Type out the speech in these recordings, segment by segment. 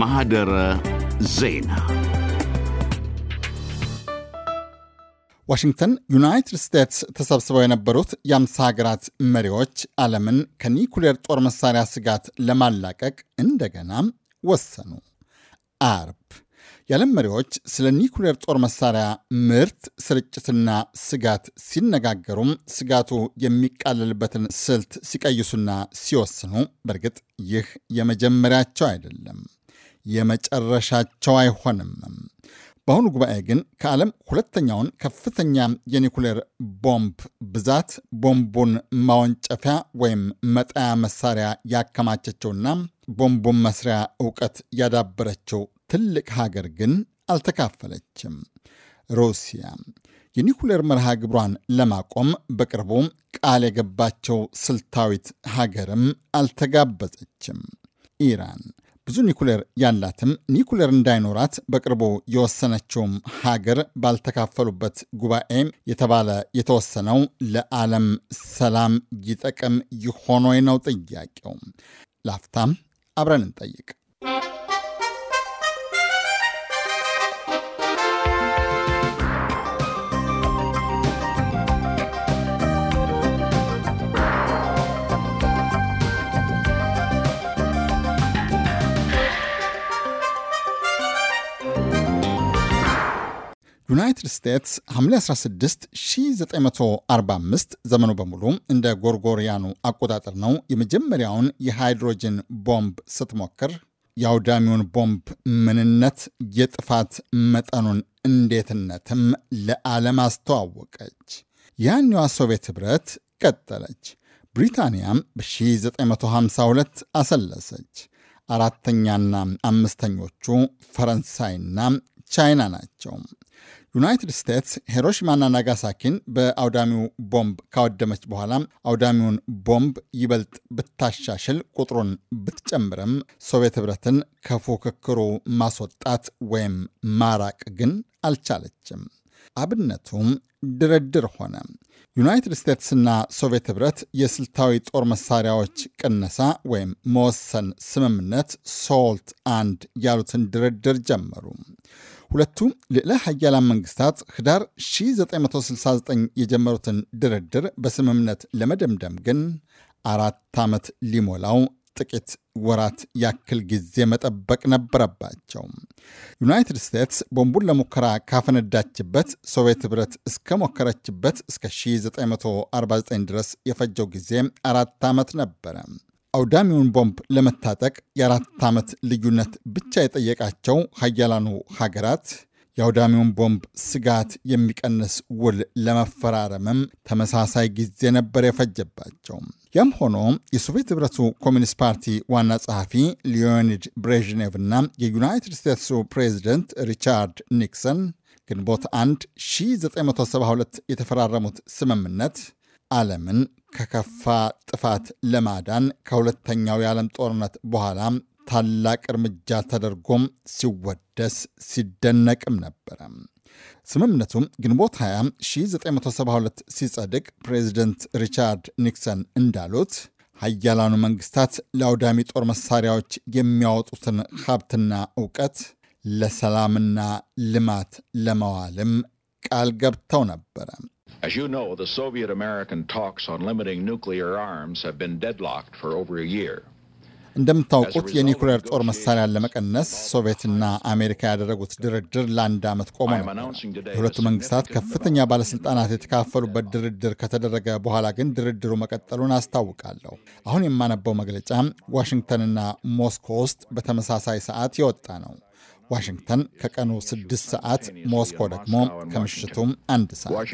ማህደረ ዜና ዋሽንግተን ዩናይትድ ስቴትስ ተሰብስበው የነበሩት የአምሳ ሀገራት መሪዎች ዓለምን ከኒኩሌር ጦር መሳሪያ ስጋት ለማላቀቅ እንደገና ወሰኑ። አርብ የዓለም መሪዎች ስለ ኒኩሌር ጦር መሳሪያ ምርት ስርጭትና ስጋት ሲነጋገሩም ስጋቱ የሚቃለልበትን ስልት ሲቀይሱና ሲወስኑ፣ በእርግጥ ይህ የመጀመሪያቸው አይደለም፣ የመጨረሻቸው አይሆንም። በአሁኑ ጉባኤ ግን ከዓለም ሁለተኛውን ከፍተኛ የኒኩሌር ቦምብ ብዛት ቦምቡን ማወንጨፊያ ወይም መጣያ መሳሪያ ያከማቸችውና ቦምቡን መስሪያ እውቀት ያዳበረችው ትልቅ ሀገር ግን አልተካፈለችም። ሩሲያ የኒኩሌር መርሃ ግብሯን ለማቆም በቅርቡ ቃል የገባቸው ስልታዊት ሀገርም አልተጋበዘችም። ኢራን ብዙ ኒኩሌር ያላትም ኒኩሌር እንዳይኖራት በቅርቡ የወሰነችውም ሀገር ባልተካፈሉበት ጉባኤ የተባለ የተወሰነው ለዓለም ሰላም ይጠቅም ይሆን ነው ጥያቄው። ላፍታም አብረን እንጠይቅ። ዩናይትድ ስቴትስ ሐምሌ 16 1945 ዘመኑ በሙሉ እንደ ጎርጎሪያኑ አቆጣጠር ነው። የመጀመሪያውን የሃይድሮጅን ቦምብ ስትሞክር የአውዳሚውን ቦምብ ምንነት፣ የጥፋት መጠኑን፣ እንዴትነትም ለዓለም አስተዋወቀች። ያኔዋ ሶቪየት ኅብረት ቀጠለች። ብሪታንያም በ1952 አሰለሰች። አራተኛና አምስተኞቹ ፈረንሳይና ቻይና ናቸው። ዩናይትድ ስቴትስ ና ናጋሳኪን በአውዳሚው ቦምብ ካወደመች በኋላ አውዳሚውን ቦምብ ይበልጥ ብታሻሽል፣ ቁጥሩን ብትጨምርም ሶቪየት ህብረትን ከፉክክሩ ማስወጣት ወይም ማራቅ ግን አልቻለችም። አብነቱም ድርድር ሆነ። ዩናይትድ ስቴትስና ሶቪየት ህብረት የስልታዊ ጦር መሳሪያዎች ቅነሳ ወይም መወሰን ስምምነት ሶልት አንድ ያሉትን ድርድር ጀመሩ። ሁለቱ ልዕለ ሀያላን መንግስታት ህዳር 1969 የጀመሩትን ድርድር በስምምነት ለመደምደም ግን አራት ዓመት ሊሞላው ጥቂት ወራት ያክል ጊዜ መጠበቅ ነበረባቸው። ዩናይትድ ስቴትስ ቦምቡን ለሙከራ ካፈነዳችበት ሶቪየት ህብረት እስከሞከረችበት እስከ 1949 ድረስ የፈጀው ጊዜ አራት ዓመት ነበረ። አውዳሚውን ቦምብ ለመታጠቅ የአራት ዓመት ልዩነት ብቻ የጠየቃቸው ሀያላኑ ሀገራት የአውዳሚውን ቦምብ ስጋት የሚቀንስ ውል ለመፈራረምም ተመሳሳይ ጊዜ ነበር የፈጀባቸው። ያም ሆኖ የሶቪየት ህብረቱ ኮሚኒስት ፓርቲ ዋና ጸሐፊ ሊዮኒድ ብሬዥኔቭ እና የዩናይትድ ስቴትሱ ፕሬዚደንት ሪቻርድ ኒክሰን ግንቦት 1 1972 የተፈራረሙት ስምምነት ዓለምን ከከፋ ጥፋት ለማዳን ከሁለተኛው የዓለም ጦርነት በኋላ ታላቅ እርምጃ ተደርጎም ሲወደስ ሲደነቅም ነበረ። ስምምነቱም ግንቦት 20 1972 ሲጸድቅ ፕሬዚደንት ሪቻርድ ኒክሰን እንዳሉት ሀያላኑ መንግስታት ለአውዳሚ ጦር መሳሪያዎች የሚያወጡትን ሀብትና እውቀት ለሰላምና ልማት ለማዋልም ቃል ገብተው ነበረ። As you know, the Soviet American talks on limiting nuclear arms have been deadlocked for over a year. እንደምታውቁት የኒኩሌር ጦር መሳሪያን ለመቀነስ ሶቪየትና አሜሪካ ያደረጉት ድርድር ለአንድ ዓመት ቆሞ ነው። የሁለቱ መንግስታት ከፍተኛ ባለሥልጣናት የተካፈሉበት ድርድር ከተደረገ በኋላ ግን ድርድሩ መቀጠሉን አስታውቃለሁ። አሁን የማነበው መግለጫ ዋሽንግተንና ሞስኮ ውስጥ በተመሳሳይ ሰዓት የወጣ ነው። ዋሽንግተን ከቀኑ 6 ሰዓት፣ ሞስኮ ደግሞ ከምሽቱም አንድ ሰዓት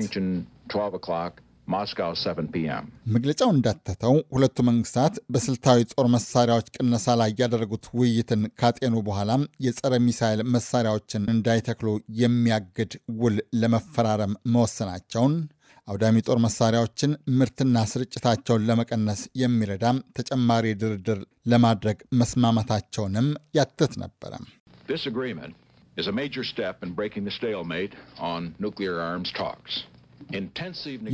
መግለጫው እንዳተተው ሁለቱ መንግስታት በስልታዊ ጦር መሳሪያዎች ቅነሳ ላይ ያደረጉት ውይይትን ካጤኑ በኋላም የጸረ ሚሳይል መሳሪያዎችን እንዳይተክሉ የሚያግድ ውል ለመፈራረም መወሰናቸውን አውዳሚ ጦር መሳሪያዎችን ምርትና ስርጭታቸውን ለመቀነስ የሚረዳም ተጨማሪ ድርድር ለማድረግ መስማማታቸውንም ያትት ነበረ። This agreement is a major step in breaking the stalemate on nuclear arms talks.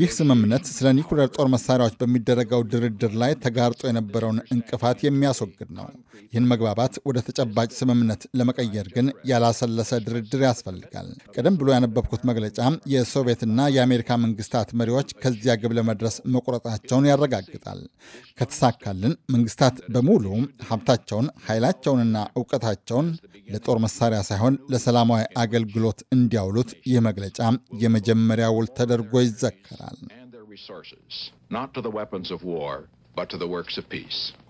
ይህ ስምምነት ስለ ኒኩሌር ጦር መሳሪያዎች በሚደረገው ድርድር ላይ ተጋርጦ የነበረውን እንቅፋት የሚያስወግድ ነው። ይህን መግባባት ወደ ተጨባጭ ስምምነት ለመቀየር ግን ያላሰለሰ ድርድር ያስፈልጋል። ቀደም ብሎ ያነበብኩት መግለጫ የሶቪየትና የአሜሪካ መንግስታት መሪዎች ከዚያ ግብ ለመድረስ መቁረጣቸውን ያረጋግጣል። ከተሳካልን መንግስታት በሙሉ ሀብታቸውን፣ ኃይላቸውንና እውቀታቸውን ለጦር መሳሪያ ሳይሆን ለሰላማዊ አገልግሎት እንዲያውሉት ይህ መግለጫ የመጀመሪያ ውል ተደርጓል። ተደርጎ ይዘከራል።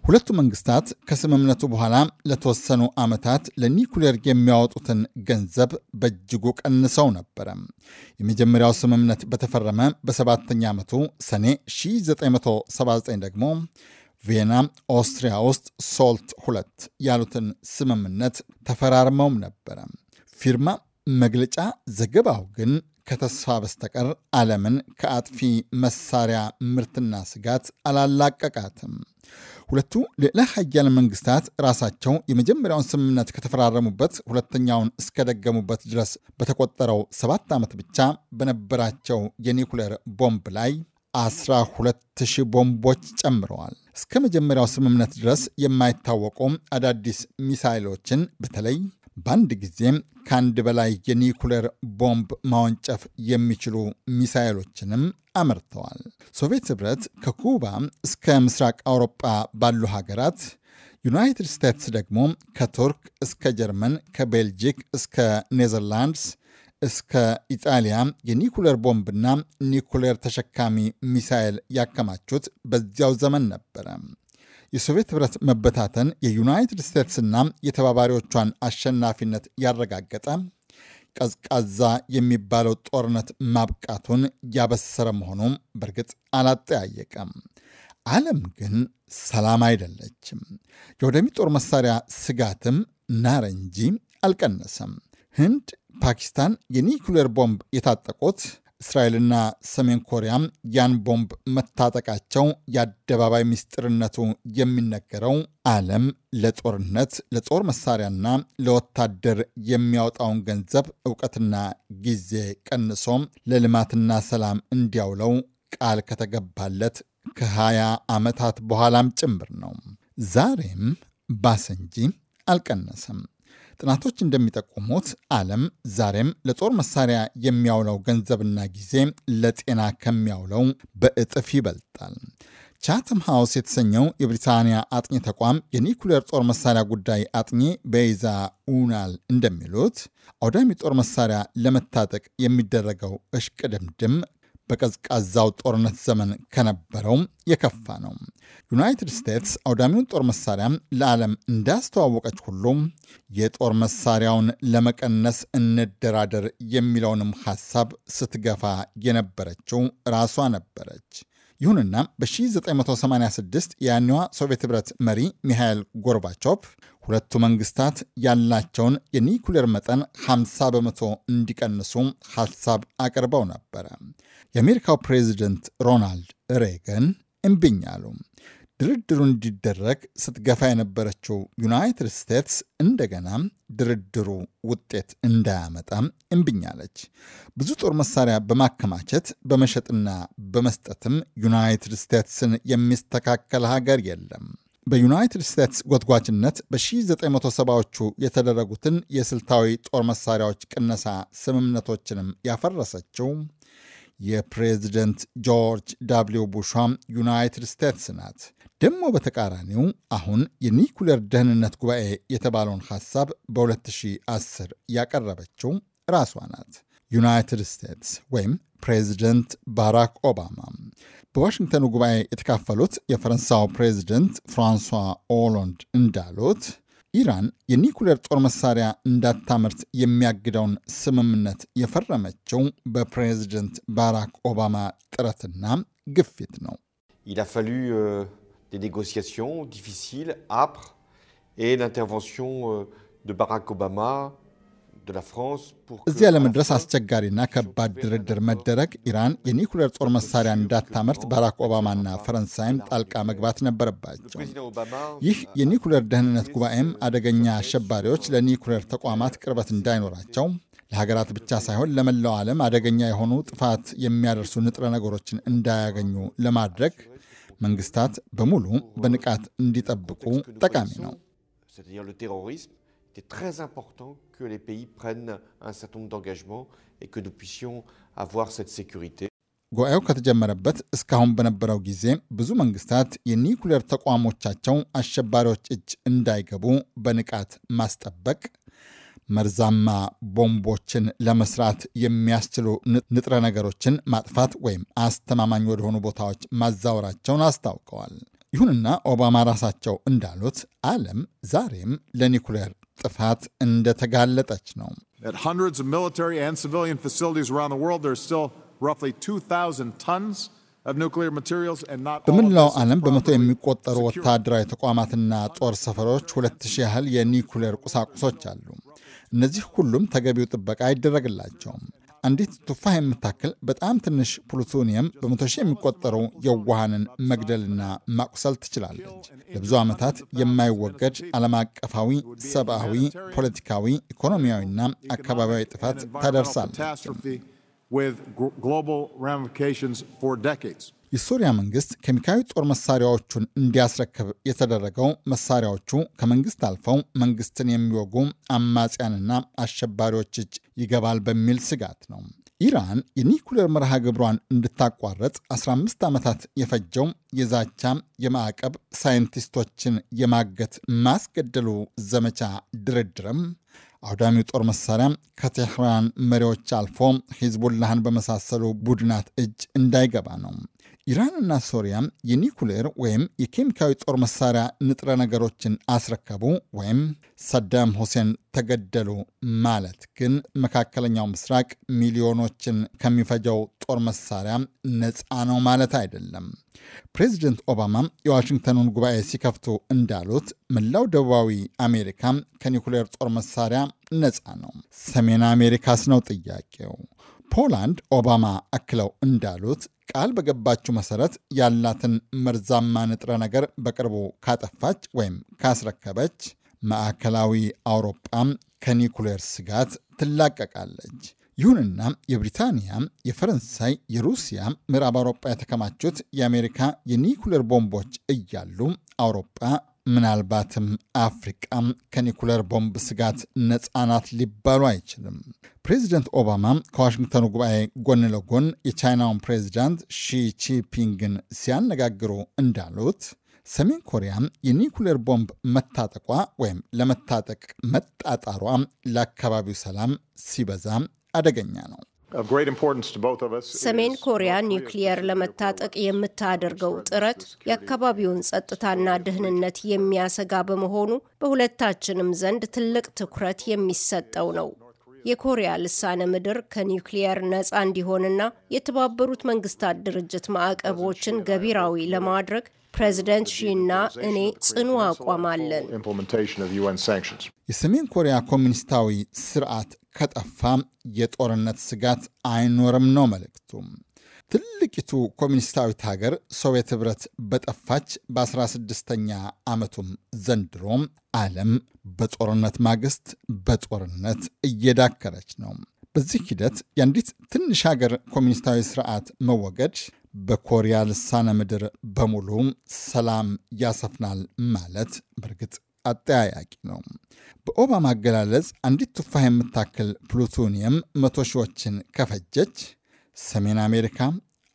ሁለቱ መንግስታት ከስምምነቱ በኋላ ለተወሰኑ ዓመታት ለኒኩሌር የሚያወጡትን ገንዘብ በእጅጉ ቀንሰው ነበረ። የመጀመሪያው ስምምነት በተፈረመ በሰባተኛ ዓመቱ ሰኔ 1979 ደግሞ ቪየና ኦስትሪያ ውስጥ ሶልት ሁለት ያሉትን ስምምነት ተፈራርመውም ነበረ። ፊርማ፣ መግለጫ፣ ዘገባው ግን ከተስፋ በስተቀር ዓለምን ከአጥፊ መሳሪያ ምርትና ስጋት አላላቀቃትም። ሁለቱ ልዕለ ሀያል መንግስታት ራሳቸው የመጀመሪያውን ስምምነት ከተፈራረሙበት ሁለተኛውን እስከደገሙበት ድረስ በተቆጠረው ሰባት ዓመት ብቻ በነበራቸው የኒኩሌር ቦምብ ላይ 12 ሺህ ቦምቦች ጨምረዋል። እስከ መጀመሪያው ስምምነት ድረስ የማይታወቁ አዳዲስ ሚሳይሎችን በተለይ በአንድ ጊዜ ከአንድ በላይ የኒኩሌር ቦምብ ማወንጨፍ የሚችሉ ሚሳይሎችንም አመርተዋል። ሶቪየት ህብረት ከኩባ እስከ ምስራቅ አውሮጳ ባሉ ሀገራት ዩናይትድ ስቴትስ ደግሞ ከቱርክ እስከ ጀርመን፣ ከቤልጂክ እስከ ኔዘርላንድስ እስከ ኢጣሊያ የኒኩሌር ቦምብና ኒኩሌር ተሸካሚ ሚሳይል ያከማቹት በዚያው ዘመን ነበረ። የሶቪየት ህብረት መበታተን የዩናይትድ ስቴትስና የተባባሪዎቿን አሸናፊነት ያረጋገጠ ቀዝቃዛ የሚባለው ጦርነት ማብቃቱን ያበሰረ መሆኑም በእርግጥ አላጠያየቀም። ዓለም ግን ሰላም አይደለችም። የወደሚ ጦር መሳሪያ ስጋትም ናረ እንጂ አልቀነሰም። ህንድ፣ ፓኪስታን የኒኩሌር ቦምብ የታጠቁት እስራኤልና ሰሜን ኮሪያም ያን ቦምብ መታጠቃቸው የአደባባይ ምስጢርነቱ የሚነገረው ዓለም ለጦርነት ለጦር መሳሪያና ለወታደር የሚያወጣውን ገንዘብ እውቀትና ጊዜ ቀንሶም ለልማትና ሰላም እንዲያውለው ቃል ከተገባለት ከ20 ዓመታት በኋላም ጭምር ነው። ዛሬም ባሰ እንጂ አልቀነሰም። ጥናቶች እንደሚጠቁሙት ዓለም ዛሬም ለጦር መሳሪያ የሚያውለው ገንዘብና ጊዜ ለጤና ከሚያውለው በእጥፍ ይበልጣል። ቻትም ሃውስ የተሰኘው የብሪታንያ አጥኚ ተቋም የኒኩሌር ጦር መሳሪያ ጉዳይ አጥኚ በይዛ ኡናል እንደሚሉት አውዳሚ ጦር መሳሪያ ለመታጠቅ የሚደረገው እሽቅድምድም በቀዝቃዛው ጦርነት ዘመን ከነበረው የከፋ ነው። ዩናይትድ ስቴትስ አውዳሚውን ጦር መሳሪያ ለዓለም እንዳስተዋወቀች ሁሉ የጦር መሳሪያውን ለመቀነስ እንደራደር የሚለውንም ሐሳብ ስትገፋ የነበረችው ራሷ ነበረች። ይሁንና በ1986 የያኔዋ ሶቪየት ኅብረት መሪ ሚሃኤል ጎርባቾቭ ሁለቱ መንግስታት ያላቸውን የኒኩሌር መጠን 50 በመቶ እንዲቀንሱ ሐሳብ አቅርበው ነበረ። የአሜሪካው ፕሬዚደንት ሮናልድ ሬገን እምቢኝ አሉ። ድርድሩ እንዲደረግ ስትገፋ የነበረችው ዩናይትድ ስቴትስ እንደገና ድርድሩ ውጤት እንዳያመጣም እምብኛለች። ብዙ ጦር መሳሪያ በማከማቸት በመሸጥና በመስጠትም ዩናይትድ ስቴትስን የሚስተካከል ሀገር የለም። በዩናይትድ ስቴትስ ጎትጓችነት በ1970ዎቹ የተደረጉትን የስልታዊ ጦር መሳሪያዎች ቅነሳ ስምምነቶችንም ያፈረሰችው የፕሬዚደንት ጆርጅ ዳብሊው ቡሿም ዩናይትድ ስቴትስ ናት። ደግሞ በተቃራኒው አሁን የኒኩሌር ደህንነት ጉባኤ የተባለውን ሐሳብ በ2010 ያቀረበችው ራሷ ናት። ዩናይትድ ስቴትስ ወይም ፕሬዚደንት ባራክ ኦባማ። በዋሽንግተኑ ጉባኤ የተካፈሉት የፈረንሳው ፕሬዚደንት ፍራንሷ ኦሎንድ እንዳሉት ኢራን የኒኩሌር ጦር መሳሪያ እንዳታመርት የሚያግደውን ስምምነት የፈረመችው በፕሬዚደንት ባራክ ኦባማ ጥረትና ግፊት ነው። Il a fallu ባራክ euh, ኦባማ እዚያ ለመድረስ አስቸጋሪና ከባድ ድርድር መደረግ፣ ኢራን የኒኩሌር ጦር መሳሪያ እንዳታመርት ባራክ ኦባማና ፈረንሳይም ጣልቃ መግባት ነበረባቸው። ይህ የኒኩሌር ደህንነት ጉባኤም አደገኛ አሸባሪዎች ለኒኩሌር ተቋማት ቅርበት እንዳይኖራቸው ለሀገራት ብቻ ሳይሆን ለመላው ዓለም አደገኛ የሆኑ ጥፋት የሚያደርሱ ንጥረ ነገሮችን እንዳያገኙ ለማድረግ መንግስታት በሙሉ በንቃት እንዲጠብቁ ጠቃሚ ነው። il est très important que les pays prennent un certain nombre d'engagements et que nous puissions avoir cette sécurité. ጉባኤው ከተጀመረበት እስካሁን በነበረው ጊዜ ብዙ መንግስታት የኒኩሌር ተቋሞቻቸው አሸባሪዎች እጅ እንዳይገቡ በንቃት ማስጠበቅ፣ መርዛማ ቦምቦችን ለመስራት የሚያስችሉ ንጥረ ነገሮችን ማጥፋት ወይም አስተማማኝ ወደሆኑ ቦታዎች ማዛወራቸውን አስታውቀዋል። ይሁንና ኦባማ ራሳቸው እንዳሉት አለም ዛሬም ለኒኩሌር ጥፋት እንደተጋለጠች ነው። በመላው ዓለም በመቶ የሚቆጠሩ ወታደራዊ ተቋማትና ጦር ሰፈሮች ሁለት ያህል የኒኩሌር ቁሳቁሶች አሉ። እነዚህ ሁሉም ተገቢው ጥበቃ አይደረግላቸውም። አንዲት ቱፋህ የምታክል በጣም ትንሽ ፕሉቶኒየም በመቶ ሺህ የሚቆጠሩ የዋሃንን መግደልና ማቁሰል ትችላለች። ለብዙ ዓመታት የማይወገድ ዓለም አቀፋዊ ሰብአዊ፣ ፖለቲካዊ፣ ኢኮኖሚያዊና አካባቢያዊ ጥፋት ታደርሳለች። የሶሪያ መንግስት ኬሚካዊ ጦር መሳሪያዎቹን እንዲያስረክብ የተደረገው መሳሪያዎቹ ከመንግስት አልፈው መንግስትን የሚወጉ አማጽያንና አሸባሪዎች እጅ ይገባል በሚል ስጋት ነው። ኢራን የኒኩሌር መርሃ ግብሯን እንድታቋረጥ 15 ዓመታት የፈጀው የዛቻ የማዕቀብ ሳይንቲስቶችን የማገት ማስገደሉ ዘመቻ ድርድርም አውዳሚ ጦር መሳሪያ ከቴህራን መሪዎች አልፎ ሂዝቡላህን በመሳሰሉ ቡድናት እጅ እንዳይገባ ነው ኢራንና ሶሪያ የኒኩሌር ወይም የኬሚካዊ ጦር መሳሪያ ንጥረ ነገሮችን አስረከቡ ወይም ሳዳም ሁሴን ተገደሉ ማለት ግን መካከለኛው ምስራቅ ሚሊዮኖችን ከሚፈጀው ጦር መሳሪያ ነፃ ነው ማለት አይደለም። ፕሬዚደንት ኦባማ የዋሽንግተኑን ጉባኤ ሲከፍቱ እንዳሉት መላው ደቡባዊ አሜሪካ ከኒኩሌር ጦር መሳሪያ ነፃ ነው። ሰሜን አሜሪካስ ነው ጥያቄው። ፖላንድ ኦባማ አክለው እንዳሉት ቃል በገባችው መሰረት ያላትን መርዛማ ንጥረ ነገር በቅርቡ ካጠፋች ወይም ካስረከበች ማዕከላዊ አውሮጳም ከኒኩሌር ስጋት ትላቀቃለች። ይሁንና የብሪታንያ፣ የፈረንሳይ፣ የሩሲያ፣ ምዕራብ አውሮጳ የተከማቹት የአሜሪካ የኒኩሌር ቦምቦች እያሉ አውሮጳ ምናልባትም አፍሪቃ ከኒኩለር ቦምብ ስጋት ነፃ ናት ሊባሉ አይችልም። ፕሬዚደንት ኦባማ ከዋሽንግተኑ ጉባኤ ጎን ለጎን የቻይናውን ፕሬዚዳንት ሺቺፒንግን ሲያነጋግሩ እንዳሉት ሰሜን ኮሪያ የኒኩሌር ቦምብ መታጠቋ ወይም ለመታጠቅ መጣጣሯ ለአካባቢው ሰላም ሲበዛ አደገኛ ነው። ሰሜን ኮሪያ ኒውክሊየር ለመታጠቅ የምታደርገው ጥረት የአካባቢውን ጸጥታና ደህንነት የሚያሰጋ በመሆኑ በሁለታችንም ዘንድ ትልቅ ትኩረት የሚሰጠው ነው። የኮሪያ ልሳነ ምድር ከኒውክሊየር ነፃ እንዲሆንና የተባበሩት መንግስታት ድርጅት ማዕቀቦችን ገቢራዊ ለማድረግ ፕሬዚደንት ሺና እኔ ጽኑ አቋም አለን። የሰሜን ኮሪያ ኮሚኒስታዊ ስርዓት ከጠፋ የጦርነት ስጋት አይኖርም ነው መልእክቱ። ትልቂቱ ኮሚኒስታዊት ሀገር ሶቪየት ኅብረት በጠፋች በ16ኛ ዓመቱም ዘንድሮ ዓለም በጦርነት ማግስት በጦርነት እየዳከረች ነው። በዚህ ሂደት የአንዲት ትንሽ ሀገር ኮሚኒስታዊ ስርዓት መወገድ በኮሪያ ልሳነ ምድር በሙሉ ሰላም ያሰፍናል ማለት በእርግጥ አጠያያቂ ነው። በኦባማ አገላለጽ አንዲት ቱፋህ የምታክል ፕሉቶኒየም መቶ ሺዎችን ከፈጀች ሰሜን አሜሪካ፣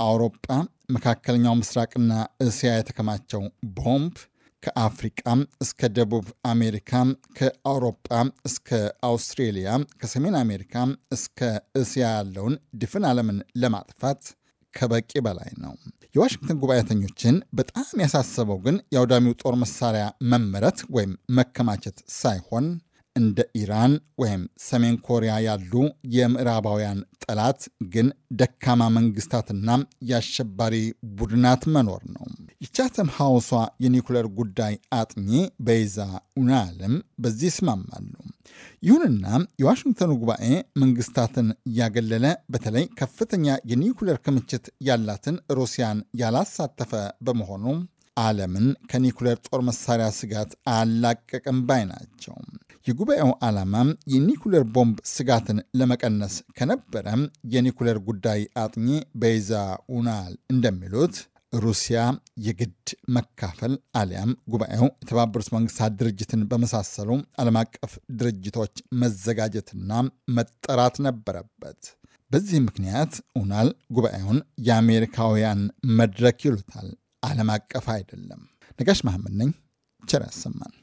አውሮጳ፣ መካከለኛው ምስራቅና እስያ የተከማቸው ቦምብ ከአፍሪቃ እስከ ደቡብ አሜሪካ ከአውሮጳ እስከ አውስትሬሊያ ከሰሜን አሜሪካ እስከ እስያ ያለውን ድፍን ዓለምን ለማጥፋት ከበቂ በላይ ነው። የዋሽንግተን ጉባኤተኞችን በጣም ያሳሰበው ግን የአውዳሚው ጦር መሳሪያ መመረት ወይም መከማቸት ሳይሆን እንደ ኢራን ወይም ሰሜን ኮሪያ ያሉ የምዕራባውያን ጠላት ግን ደካማ መንግስታትና የአሸባሪ ቡድናት መኖር ነው። የቻተም ሐውሷ የኒኩለር ጉዳይ አጥኚ በይዛ ኡናለም በዚህ ይስማማሉ። ይሁንና የዋሽንግተኑ ጉባኤ መንግስታትን እያገለለ በተለይ ከፍተኛ የኒኩለር ክምችት ያላትን ሩሲያን ያላሳተፈ በመሆኑ ዓለምን ከኒኩለር ጦር መሳሪያ ስጋት አላቀቅም ባይ ናቸው። የጉባኤው ዓላማ የኒኩለር ቦምብ ስጋትን ለመቀነስ ከነበረ የኒኩለር ጉዳይ አጥኚ በይዛ ኡናል እንደሚሉት ሩሲያ የግድ መካፈል አሊያም ጉባኤው የተባበሩት መንግስታት ድርጅትን በመሳሰሉ ዓለም አቀፍ ድርጅቶች መዘጋጀትና መጠራት ነበረበት። በዚህ ምክንያት ኡናል ጉባኤውን የአሜሪካውያን መድረክ ይሉታል፣ ዓለም አቀፍ አይደለም። ነጋሽ መሐመድ ነኝ። ቸር ያሰማን።